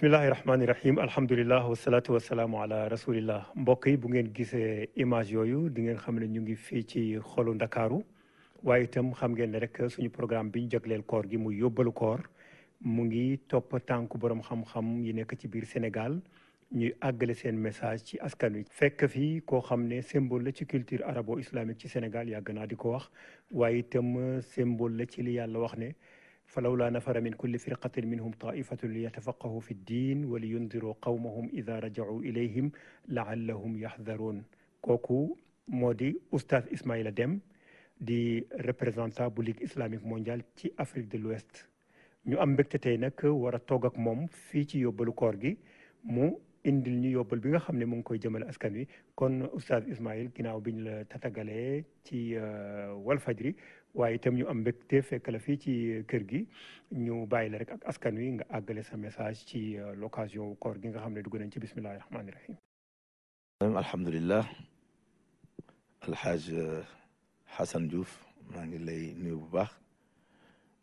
bismillahi rahmaani rahim alhamdulilah wasalaatu wasalaamu ala rasulillah mbokk yi bu ngeen gisee image yooyu di ngeen xam ne ñu ngi fii ci xolu ndakaaru waaye itam xam ngeen ne rek suñu programme bi ñu jagleel koor gi mu yóbbalu koor mu ngi topp tànku borom xam-xam yi nekk ci biir Sénégal ñu àggale seen message ci askan wi. fekk fii koo xam ne symbole la ci culture arabo islamique ci Sénégal yàgg naa di ko wax waaye itam symbole la ci li yàlla wax ne. falawlaa nafara min kulli firqatin minhum taifatun liyatafaqahu fi ddin wa liyundiroo qawmahum ida rajacuu ilayhim laallahum yaxdaroon kooku moo di oustaz Ismaïla Deme di représentant bu ligue islamique ci Afrique de l'Ouest ñu am mbégte nag war a toog ak moom fii ci yóbbalu gi mu indil ñu yóbbal bi nga xam ne mu ngi koy jëmale askan wi kon oustaz Ismaïl ginnaaw bi ñu la tatagalee ci euh, Walfajri waaye itam ñu am mbégte fekk fii ci kër gi ñu bàyyi la rek ak askan wi nga àggale sa message ci euh, l'occasion kor gi nga xam ne dugg nañ ci bismillahi rahmaani rahim alhamdulilah alxaaj Xasan euh, Diouf maa ngi lay nuyu bu baax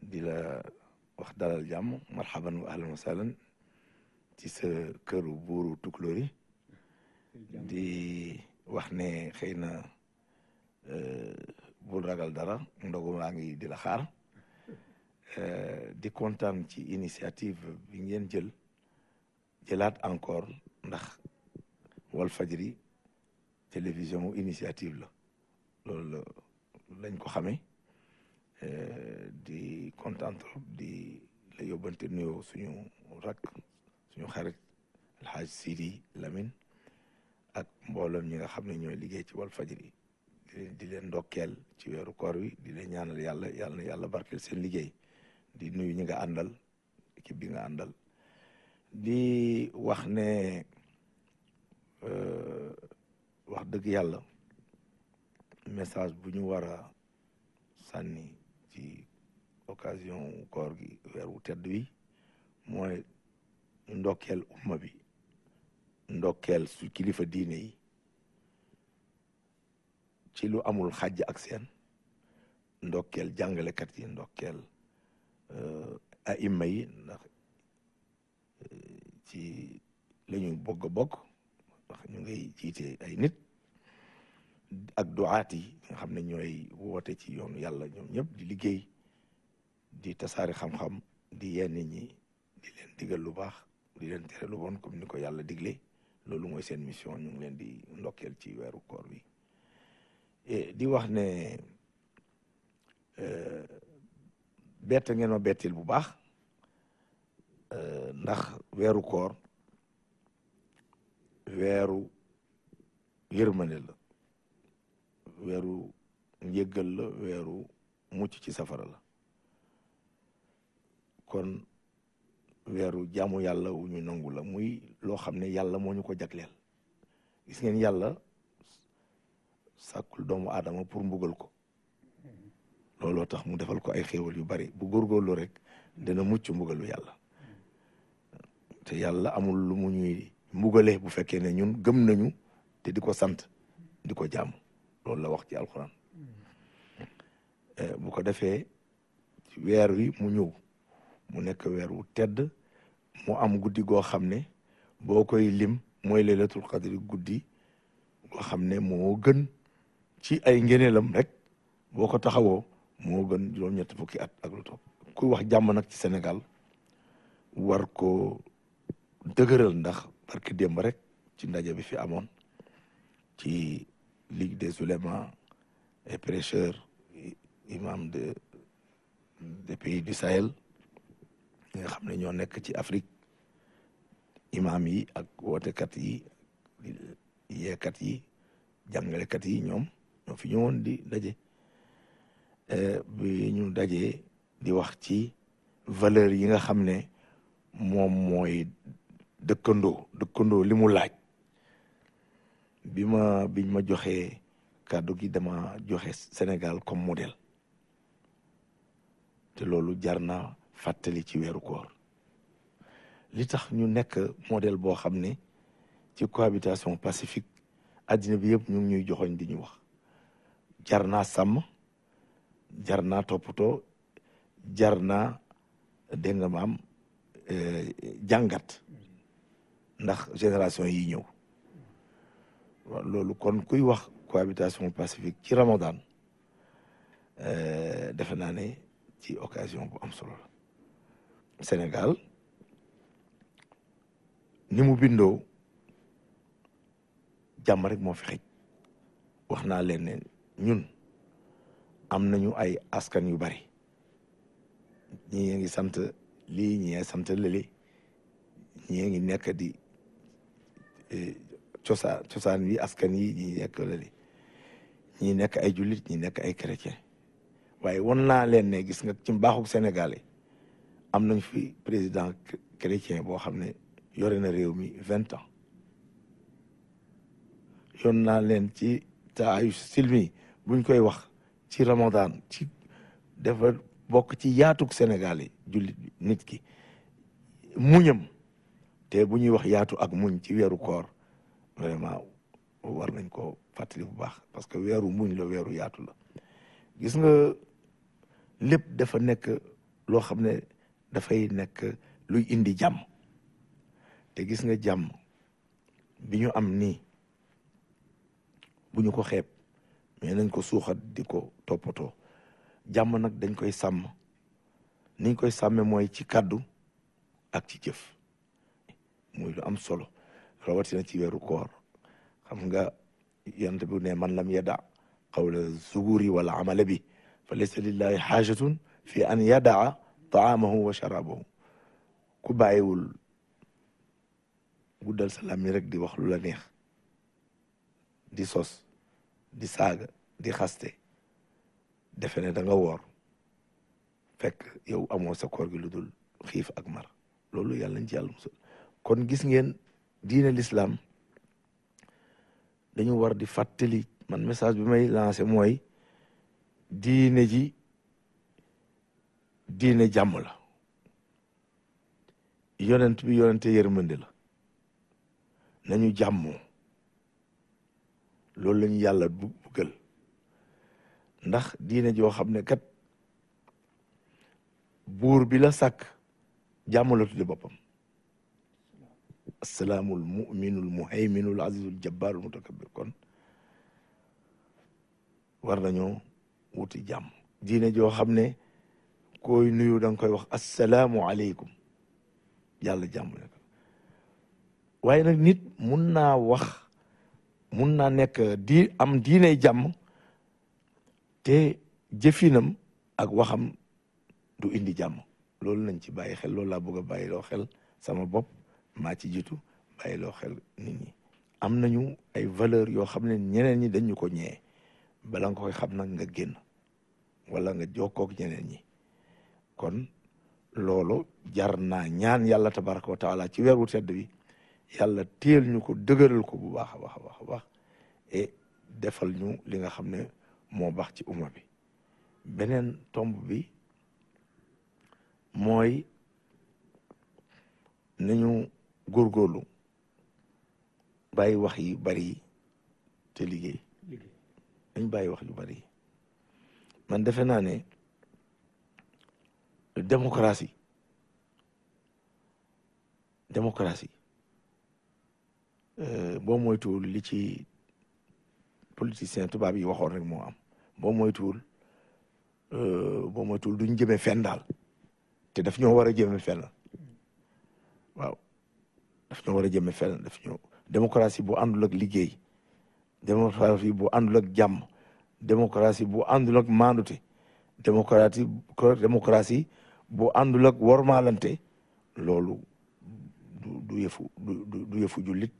di la wax dalal jàmm marhaban wa ahlan wa sahlan ci sa këru buuru tukulóor yi di wax ne xëy na euh, bul ragal dara ndogu maa ngi di la xaar eh, di kontaan ci initiative bi ngeen jël jëlaat encore ndax wal Walfadjri télévision initiative la loolu lañ ko xamee eh, di kontaan trop di la yóbbante nuyoo suñu rakk suñu xarit alxaaj Sidi lamin ak mbooloom ñi nga xam ne ñooy liggéey ci Walfadjri di leen ndokkeel ci weeru koor wi di leen ñaanal yàlla yàlla yàlla barkeel seen liggéey di nuyu ñi àndal équipe di nga àndal di wax ne euh, wax dëgg yàlla message bu ñu war a sànni ci occasion koor gi weer wu tedd wi mooy ndokkeel umma bi ndokkeel su kilifa diine yi ci lu amul xaj ak seen ndokkeel jàngalekat yi ndokkeel euh, aima yi ndax ci la ñu bokk a bokk ndax ñu ngay jiite ay nit ak duaat yi nga xam ne ñooy woote ci yoon yàlla ñoom ñëpp di liggéey di tasaari xam-xam di yee nit ñi di leen digal lu baax di leen tere lu bon comme ni ko yàlla digle loolu mooy seen mission ñu ngi leen di ndokkeel ci weeru koor bi Eh, di wax ne eh, bett ngeen ma bettil bu baax eh, ndax weeru koor weeru yërmande la weeru njëggal la weeru mucc ci safara la kon weeru jaamu yàlla wu ñu nangu la muy loo xam ne yàlla moo ñu ko jagleel gis ngeen yàlla sàkkul doomu aadama pour mbugal ko looloo tax mu defal ko ay xéewal yu bari bu góorgóorlu rek dina mucc mbugalu yàlla te yàlla amul lu mu ñuy mbugale bu fekkee ne ñun gëm nañu te di ko sant di ko jaamu loolu la wax ci alxuraan eh, bu ko defee weer wi mu ñëw mu nekk weer wu tedd mu am guddi goo xam ne boo koy lim mooy laylatul qadri guddi goo xam ne moo gën ci ay ngëneelam rek boo ko taxawoo moo gën juróom fukki at ak lu topp ku wax jàmm nag ci Sénégal war ko dëgëral ndax barki démb rek ci ndaje bi fi amoon ci ligue des oulémas et prêcheurs imam de des pays du Sahel nga xam ne ñoo nekk ci Afrique imam yi ak wootekat yi yeekat yi jàngalekat yi ñoom ñoo fi ñëwoon di daje eh, bi ñu dajee di wax ci valeur yi nga xam ne moom mooy dëkkandoo dëkkandoo li mu laaj bi ma biñ ma joxee kàddu gi dama joxe Sénégal comme modèle te loolu jar naa fàttali ci weeru koor li tax ñu nekk modèle boo xam ne ci cohabitation pacifique addina bi yëpp ñu ngi ñuy joxoñ di ñu wax jar naa sàmm jar naa toppatoo jar naa dégg nga eh, jàngat ndax génération yi ñëw loolu kon kuy wax cohabitation pacifique ci Ramadan eh, defe naa ne ci occasion bu am solo la Sénégal ni mu bindoo jàmm rek moo fi xëj wax naa leen ñun am nañu ay askan yu bari ñii ngi sant lii ñii sant lële ñii ngi nekk di eh, cosaan cosaan yi askan yi ñii nekk lële ñii nekk ay jullit ñii nekk ay chrétien waaye won naa leen ne gis nga ci mbaaxu Sénégal yi am nañ fi président chrétien boo xam ne yore na réew mi vingt ans yoon naa leen ci taayu silmi buñ koy wax ci ramadan ci dafa bokk ci yaatuk Sénégal jullit nit ki muñam te bu ñuy wax yaatu ak muñ ci weeru koor vraiment war nañ ko fàttali bu baax parce que weeru muñ la weeru yaatu la gis nga lépp dafa nekk loo xam ne dafay nekk luy indi jàmm te gis nga jàmm bu ñu am nii bu ñu ko xeeb mais nañ ko suuxat di ko toppatoo jàmm nag dañ koy sàmm niñ koy sàmme mooy ci kàddu ak ci jëf muy lu am solo rawatina ci weeru koor xam nga yonent bu ne man lam yada qawla zuguri wala amale bi fa laysa lillahi xaajatun fi an yadaa taamahu wa sharabahu ku bàyyiwul guddal salaam yi rek di wax lu neex di sos di saaga di xaste defe ne danga nga woor fekk yow amoo sa koor gi lu dul xiif ak mar loolu yàlla nañ ci yàlla kon gis ngeen diine lislaam dañu war di fàttali man message bi may lancé mooy diine ji diine jàmm la yonent bi yonente yërmande la nañu jàmmoo loolu lañu yàlla bu buggal ndax diina joo xam ne kat buur bila la sàkk jàmm la tudde boppam asalaamul muminul muhayminul azizul jabbaarul mutakabbir kon war nañoo wuti jàmm diina joo xam ne koy nuyu da koy wax asalaamu aleykum yàlla jàmm ne ko waaye nag nit mun naa wax mun naa nekk di am diiney jàmm te jëfinam ak waxam du indi jàmm loolu nañ ci bàyyi xel loolu laa bëgg a bàyyi loo xel sama bopp maa ci jiitu bàyyi loo xel nit ñi am nañu ay valeur yoo xam ne ñeneen ñi dañu ko ñëwee bala nga koy xam nag nga génn walla nga jokkoog ñeneen ñi kon loolu jar naa ñaan yàlla tabaraka wa taala ci weeru tedd wi yàlla téyel ñu ko dëgëral ko bu baax a baax a baax a defal ñu li nga xam ne moo baax ci umma bi beneen tomb bi mooy nañu góorgóorlu bàyyi wax yi bari yi te liggéey nañ bàyyi wax yu bari man defe naa ne démocratie démocratie Euh, boo moytuwul li ci politicien tubaab yi waxoon rek moo am boo moytuwul euh, boo moytuwul duñ jëmee fenn daal te def ñoo war a jëmee fenn waaw daf ñoo wara jëme jëmee fenn daf ñoo démocratie bu àndul liggéey démocratie bu àndul ak jàmm démocratie bu àndul ak maandute démocratie démocratie bu àndul ak wormaalante loolu du du yëfu du du jullit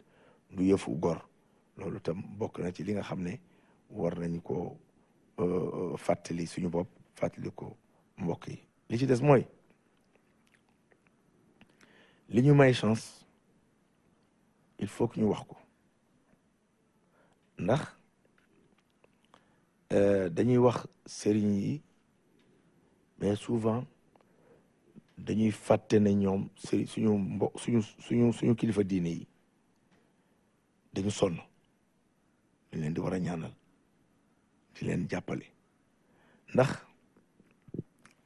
du yëfu gor loolu tam bokk na ci li nga xam ne war nañ ko euh, fàttali suñu bopp fàttali ko mbokk yi li ci des mooy li ñu may chance il faut que ñu wax ko ndax euh, dañuy wax sëriñ yi mais souvent dañuy fàtte ne ñoom sëriñ suñu mbo suñu suñu kilifa diine yi dañu sonn dañ leen di war a ñaanal di leen jàppale ndax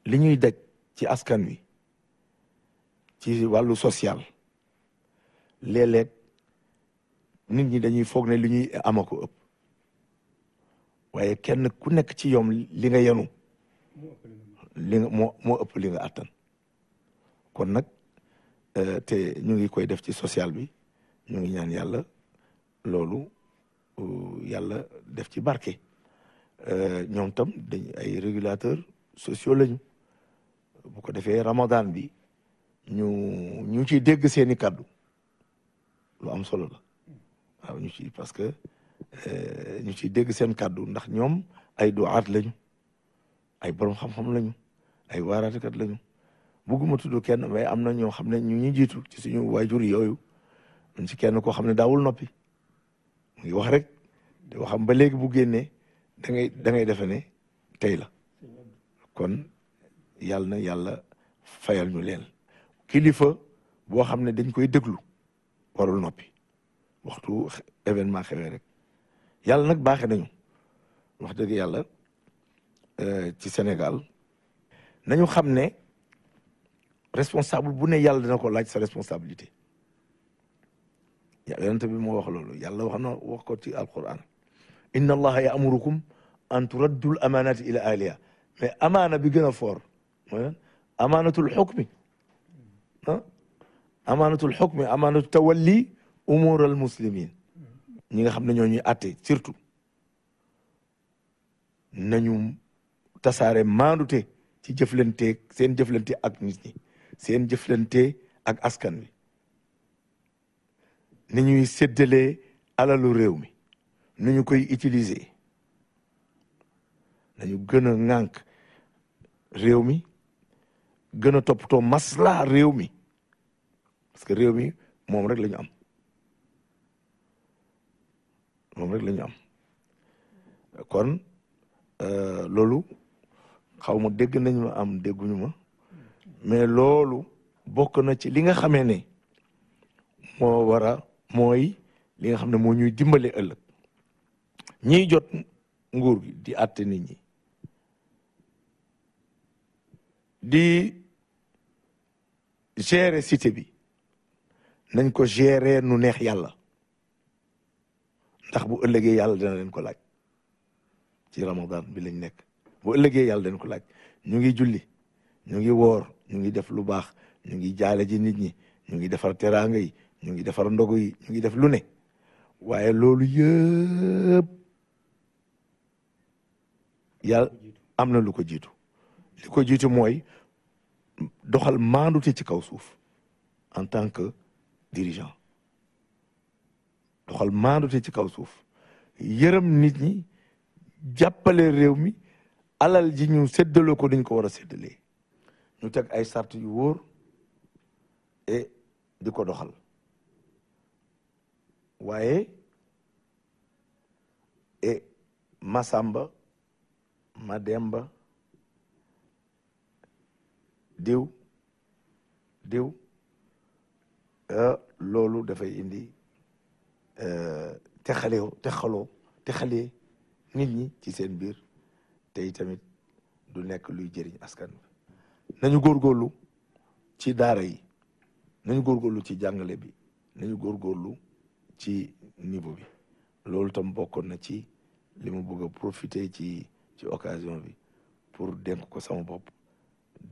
li ñuy daj ci askan wi ci wàllu social léeg nit ñi dañuy foog ne li ñuy ama ko ëpp waaye kenn ku nekk ci yoom li nga yenu li nga moo ëpp li nga àttan kon nag euh, te ñu ngi koy def ci social bi ñu ngi ñaan yàlla loolu euh, yàlla def ci barke euh, ñoom tam dañ ay régulateurs sociaux lañu bu ko defee ramadan bi ñu ñu ciy dégg seeni kaddu lu am solo la ñu ci parce que euh, ñu ciy dégg seen kàddu ndax ñoom ay duaat lañu ay borom xam-xam lañu ay waaraatekat lañu bugguma tudd kenn mais am na ñoo xam ne ñu ñu jiitu ci suñu waajur yooyu ci kenn koo xam ne daawul noppi mu ngi wax rek waxam ba léegi bu génnee dangay ngay defe ne tey la kon yàlla na yàlla fayal ñu leen kilifa boo xam ne dañ koy déglu warul noppi waxtu événement xewee rek yàlla nag baaxe nañu wax dëgg yàlla euh, ci Sénégal nañu xam ne responsable bu ne yàlla dina ko laaj sa responsabilité yonent bi moo wax yàlla wax na wax ko ci alquran inna allaha yaamurukum an turaddu l amanati ila ahliha mais amaana bi gën a foor mooy lan amaanatul xukmi ah amaanatul xukmi amaanatu tawalli umur al muslimin ñi nga xam ne ñoo ñuy atte surtout nañu ci jëflante seen jëflante ak nit ñi seen jëflante ak askan wi ni ñuy séddalee alalu réew mi nu ñu koy utiliser nañu gën a ŋànk réew mi gën a toppatoo maslaa réew mi parce que réew mi moom rek lañu am moom rek la am kon euh, loolu xaw ma dégg nañ am dégguñu ma mais loolu bokk na ci li nga xamee ne moo war a mooy li nga xam ne moo ñuy dimbale ëllëg ñiy jot nguur gi di àtte nit ñi di gere cité bi nañ ko gérer nu neex yàlla ndax bu ëllëgee yàlla dana leen ko laaj ci ramadan bi lañ nekk bu ëllëgee yàlla dana ko laaj ñu ngi julli ñu ngi woor ñu ngi def lu baax ñu ngi jaale ji nit ñi ñu ngi defar teraanga yi ñu ngi defar ndogu yi ñu ngi def lu ne waaye loolu yëpp yàlla am na lu ko jiitu li ko jiitu mooy doxal maandute ci kaw suuf en tant que dirigeant doxal maandute ci kaw suuf yërëm nit ñi jàppale réew mi alal ji ñu séddaloo ko dañ ko war a séddalee ñu teg ay sart yu wóor et di ko doxal waaye e masamba ma demba diw diw e loolu dafay indi e texalew texaloo texalee nit ñi ci seen biir tey tamit du nekk luy jëriñ askan bi nañu góorgóorlu ci daara yi nañu góorgóorlu ci jàngale bi nañu góorgóorlu ci niveau bi loolu tam bokkoon na ci li mu bëgg profité ci ci occasion bi pour dénk ko sama bopp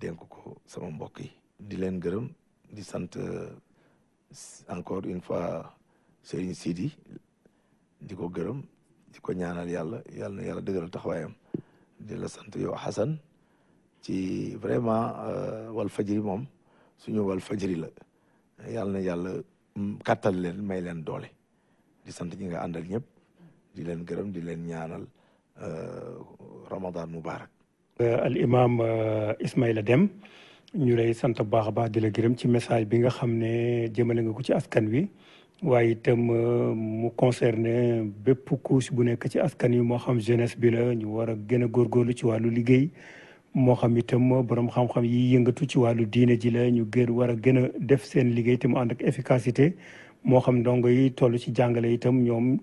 dénk ko sama mbokk yi di leen gërëm di sant euh, encore une fois Serigne Sidi di ko gërëm di ko ñaanal yàlla yàlla yàlla dëgëral taxawaayam di la sant yow Xasan ci vraiment euh, wal fajiri moom suñu wal fajiri la yàlla na yàlla mm, kattal leen may leen doole di sant ñi nga àndal ñëpp di leen gërëm di leen ñaanal euh, ramadan mubarak euh, al imam euh, Ismaïla Deme ñu lay sant bu baax a baax di la gërëm ci message bi nga xam ne jëmale nga ko ci askan wi waaye itam mu concerné bépp couche bu nekk ci askan wi moo xam jeunesse bi la ñu war a gën a góorgóorlu ci wàllu liggéey moo xam itam borom xam-xam yi yëngatu ci wàllu diine ji la ñu gën war a gën a def seen liggéey te mu ànd ak efficacité moo xam ndongo yi toll ci jàngale itam ñoom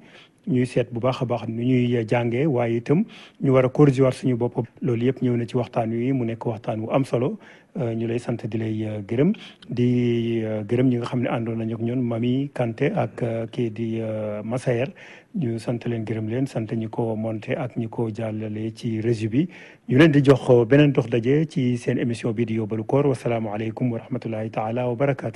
ñuy seet bu baax a baax nu ñuy jàngee waaye itam ñu war a corriger war suñu bopp. loolu yëpp ñëw na ci waxtaan wi mu nekk waxtaan wu am solo euh, ñu lay sant di lay euh, gërëm di euh, gërëm ñi nga xam ne àndoon nañu ak ñoom Mami Kanté ak kii di Massaer ñu sant leen gërëm leen sant ñu ko monté ak ñi ko jàllale ci réseau bi. ñu leen di jox beneen dox daje ci seen émission bi di yóbbalu koor wasalaamualeykum wa rahmatullahi taala wa barakaatu.